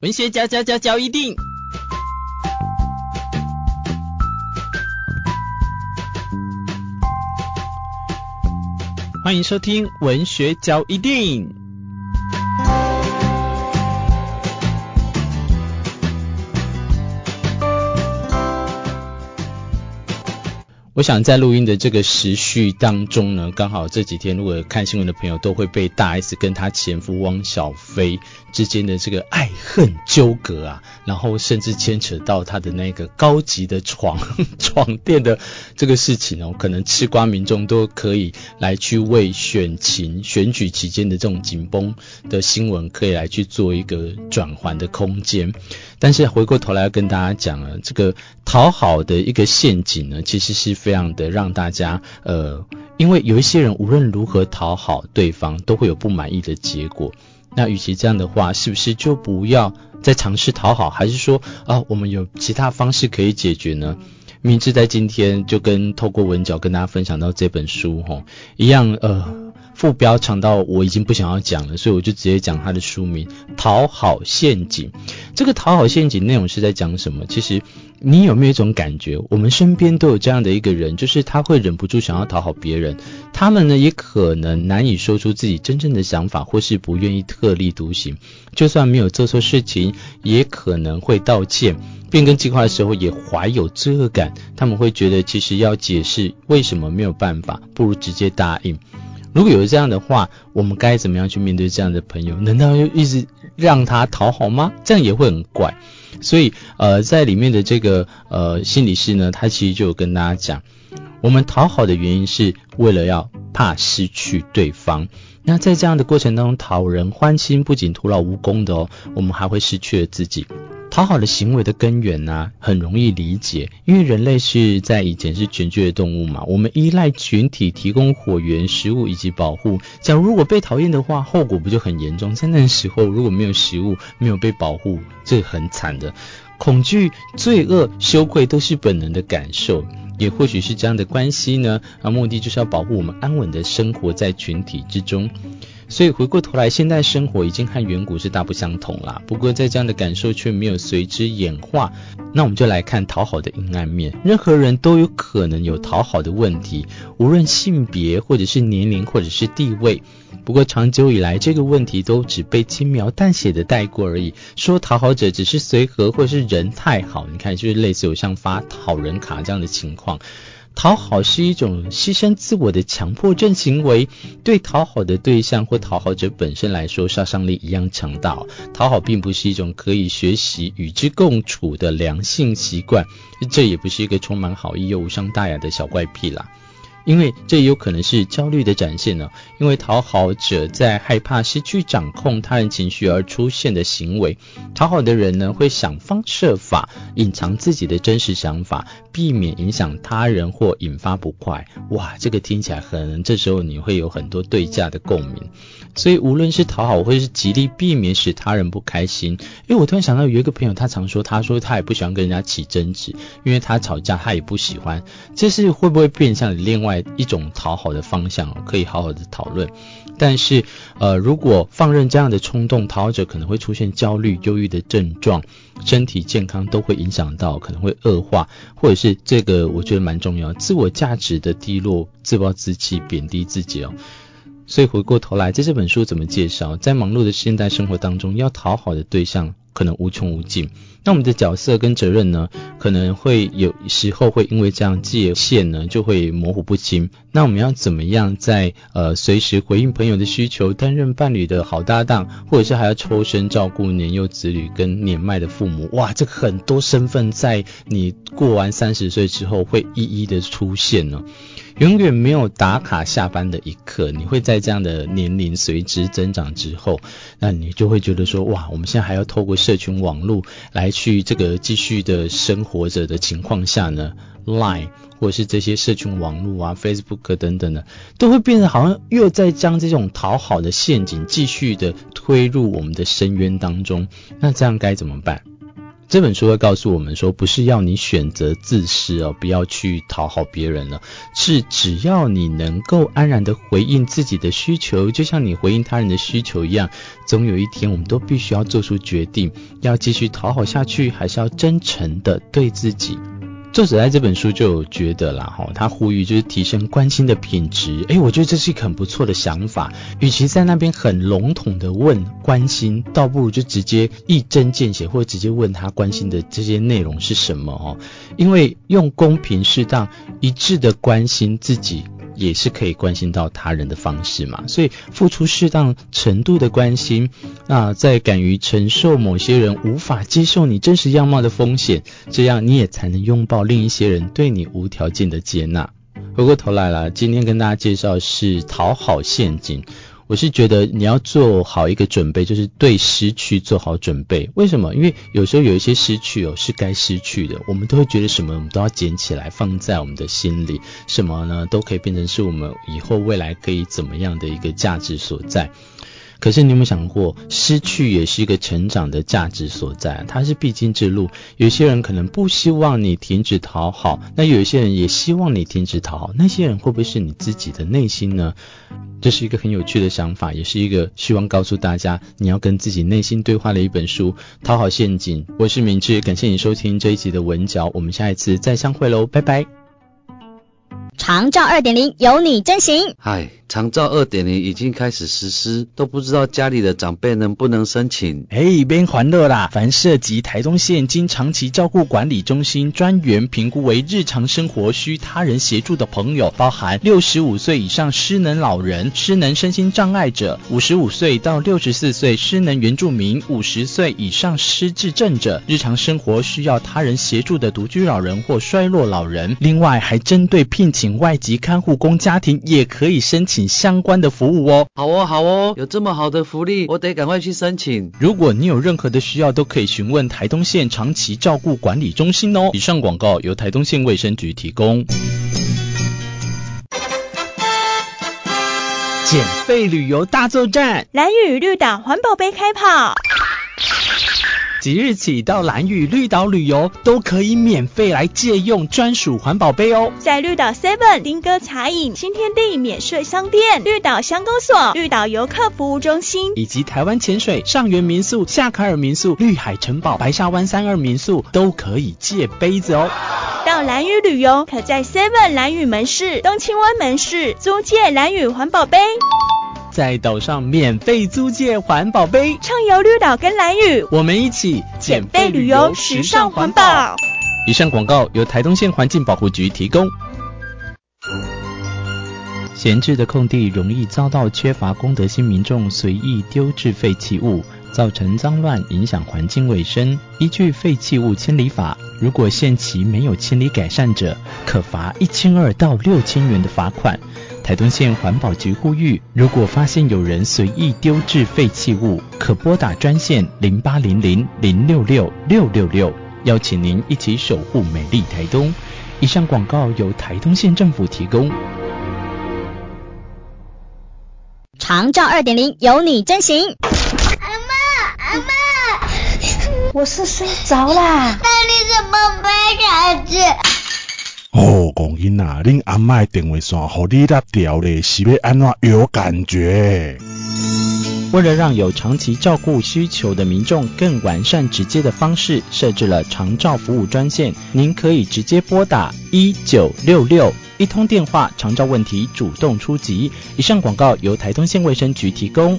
文學家教教教一定，歡迎收聽文學教一定。我想在錄音的這個時序當中呢，剛好這幾天如果有看新聞的朋友都會被大 S 跟她前夫汪小菲之間的這個愛恨糾葛啊，然後甚至牽扯到他的那個高級的床床墊的這個事情哦，可能吃瓜民眾都可以來去為選情選舉期間的這種緊繃的新聞可以來去做一個轉圜的空間。但是回過頭來要跟大家講啊，這個討好的一個陷阱呢，其實是。這樣的讓大家，呃，因為有一些人無論如何討好對方，都會有不滿意的結果。那與其這樣的話，是不是就不要再嘗試討好，還是說啊、呃，我們有其他方式可以解決呢？明智在今天就跟透過文稿跟大家分享到這本書吼一樣，呃。副標長到我已經不想要講了，所以我就直接講他的書名《討好陷阱》。這個討好陷阱內容是在講什麼？其實你有沒有一種感覺，我們身邊都有這樣的一個人，就是他會忍不住想要討好別人。他們呢，也可能難以說出自己真正的想法，或是不願意特立獨行。就算沒有做錯事情，也可能會道歉，變更計劃的時候也懷有罪惡感。他們會覺得，其實要解釋為什麼沒有辦法，不如直接答應。如果有這樣的話，我們該怎麼樣去面對這樣的朋友？難道要一直讓他討好嗎？這樣也會很怪。所以，呃，在裡面的這個呃心理師呢，他其實就有跟大家講，我們討好的原因是為了要怕失去對方。那在這樣的過程當中，討人歡心不僅徒勞無功的哦，我們還會失去了自己。討好的行為的根源呢，啊，很容易理解，因為人類是在以前是群居的動物嘛，我們依賴群體提供火源、食物以及保護。假如如果被討厭的話，後果不就很嚴重？在那時候，如果沒有食物、沒有被保護，這很慘的。恐懼、罪惡、羞愧都是本能的感受，也或許是這樣的關係呢。啊，目的就是要保護我們安穩的生活在群體之中。所以回過頭來，現代生活已經和遠古是大不相同啦。不過在這樣的感受卻沒有隨之演化。那我們就來看討好的陰暗面。任何人都有可能有討好的問題，無論性別或者是年齡或者是地位。不過長久以來這個問題都只被輕描淡寫的帶過而已，說討好者只是隨和或者是人太好。你看，就是類似有像發討人卡這樣的情況。討好是一種犧牲自我的強迫症行為，對討好的對象或討好者本身來說，殺傷力一樣強大。討好並不是一種可以學習與之共處的良性習慣，這也不是一個充滿好意又無傷大雅的小怪癖啦。因為這也有可能是焦慮的展現呢，啊，因為討好者在害怕失去掌控他人情緒而出現的行為，討好的人呢，會想方設法隱藏自己的真實想法，避免影響他人或引發不快。哇，這個聽起來很，這時候你會有很多對價的共鳴。所以無論是討好或是極力避免使他人不開心，因為我突然想到有一個朋友，他常說，他說他也不喜歡跟人家起爭執，因為他吵架他也不喜歡。這是會不會變相的另外？一種討好的方向可以好好的討論，但是呃，如果放任這樣的衝動，討好者可能會出現焦慮、憂鬱的症狀，身體健康都會影響到，可能會惡化，或者是這個我覺得蠻重要，自我價值的低落，自暴自棄，貶低自己哦。所以回過頭來，在這本書怎麼介紹？在忙碌的現代生活當中，要討好的對象。可能無窮無盡，那我們的角色跟責任呢，可能會有時候會因為這樣界限呢就會模糊不清。那我們要怎麼樣在呃隨時回應朋友的需求，擔任伴侶的好搭檔，或者是還要抽身照顧年幼子女跟年邁的父母？哇，這個很多身份在你過完三十歲之後會一一的出現呢。永遠沒有打卡下班的一刻，你會在這樣的年齡隨之增長之後，那你就會覺得說，哇，我們現在還要透過社群網絡來去這個繼續的生活着的情況下呢，Line 或是這些社群網絡啊，Facebook 等等呢，都會變得好像又在將這種討好的陷阱繼續的推入我們的深淵當中，那這樣該怎麼辦？這本書會告訴我們說，不是要你選擇自私哦，不要去討好別人了，是只要你能夠安然的回應自己的需求，就像你回應他人的需求一樣，總有一天我們都必須要做出決定，要繼續討好下去，還是要真誠的對自己。作者在這本書就有覺得啦，哈，他呼籲就是提升關心的品質。哎，我覺得這是一個很不錯的想法。與其在那邊很籠統的問關心，倒不如就直接一針見血，或者直接問他關心的這些內容是什麼，哈，因為用公平、適當、一致的關心自己。也是可以關心到他人的方式嘛，所以付出適當程度的關心，啊，在敢於承受某些人無法接受你真實樣貌的風險，這樣你也才能擁抱另一些人對你無條件的接納。回過頭來了，今天跟大家介紹是討好陷阱。我是覺得你要做好一個準備，就是對失去做好準備。為什麼？因為有時候有一些失去哦，是該失去的。我們都會覺得什麼，我們都要撿起來放在我們的心裡。什麼呢？都可以變成是我們以後未來可以怎麼樣的一個價值所在。可是你有沒有想過，失去也是一個成長的價值所在啊，它是必經之路。有些人可能不希望你停止討好，那有些人也希望你停止討好，那些人會不會是你自己的內心呢？這是一個很有趣的想法，也是一個希望告訴大家你要跟自己內心對話的一本書《討好陷阱》。我是明志，感謝你收聽這一集的文嚼，我們下一次再相會嘍，拜拜。長照二點零有你真行！哎，長照二點零已經開始實施，都不知道家裡的長輩能不能申請。嘿，邊還樂啦！凡涉及台東縣經長期照顧管理中心專員評估為日常生活需他人協助的朋友，包含六十五歲以上失能老人、失能身心障礙者、五十五歲到六十四歲失能原住民、五十歲以上失智症者、日常生活需要他人協助的獨居老人或衰弱老人，另外還針對聘請。外籍看護工家庭也可以申請相關的服務哦。好哦，好哦，有這麼好的福利，我得趕快去申請。如果你有任何的需要，都可以詢問台東縣長期照顧管理中心哦。以上廣告由台東縣衛生局提供。減廢旅遊大作戰，蘭嶼綠島環保杯開跑。即日起到蘭嶼綠島旅遊，都可以免費來借用專屬環保杯哦。在綠島 Seven、丁哥茶飲、新天地免稅商店、綠島鄉公所、綠島遊客服務中心，以及台灣潛水、上元民宿、夏卡爾民宿、綠海城堡、白沙灣三二民宿，都可以借杯子哦。到蘭嶼旅遊，可在 Seven 蘭嶼門市、東清灣門市租借蘭嶼環保杯。在島上免費租借環保杯，暢遊綠島跟蘭嶼，我們一起減廢旅遊，時尚環保。以上廣告，由台東縣環境保護局提供。閒置的空地容易遭到缺乏公德心民眾隨意丟置廢棄物，造成髒亂，影響環境衛生。依據廢棄物清理法，如果限期沒有清理改善者，可罰一千二到六千元的罰款。台東縣環保局呼籲，如果發現有人隨意丟置廢棄物，可撥打專線零八零零零六六六六六，6, 邀請您一起守護美麗台東。以上廣告由台東縣政府提供。長照二點零有你真行。阿媽，阿媽，我是睡着啦。那你怎麼沒感覺？為了讓有長期照顧需求的民眾更完善、直接的方式，設置了長照服務專線，您可以直接撥打一九六六，一通電話，長照問題主動出擊。以上廣告由台東縣衛生局提供。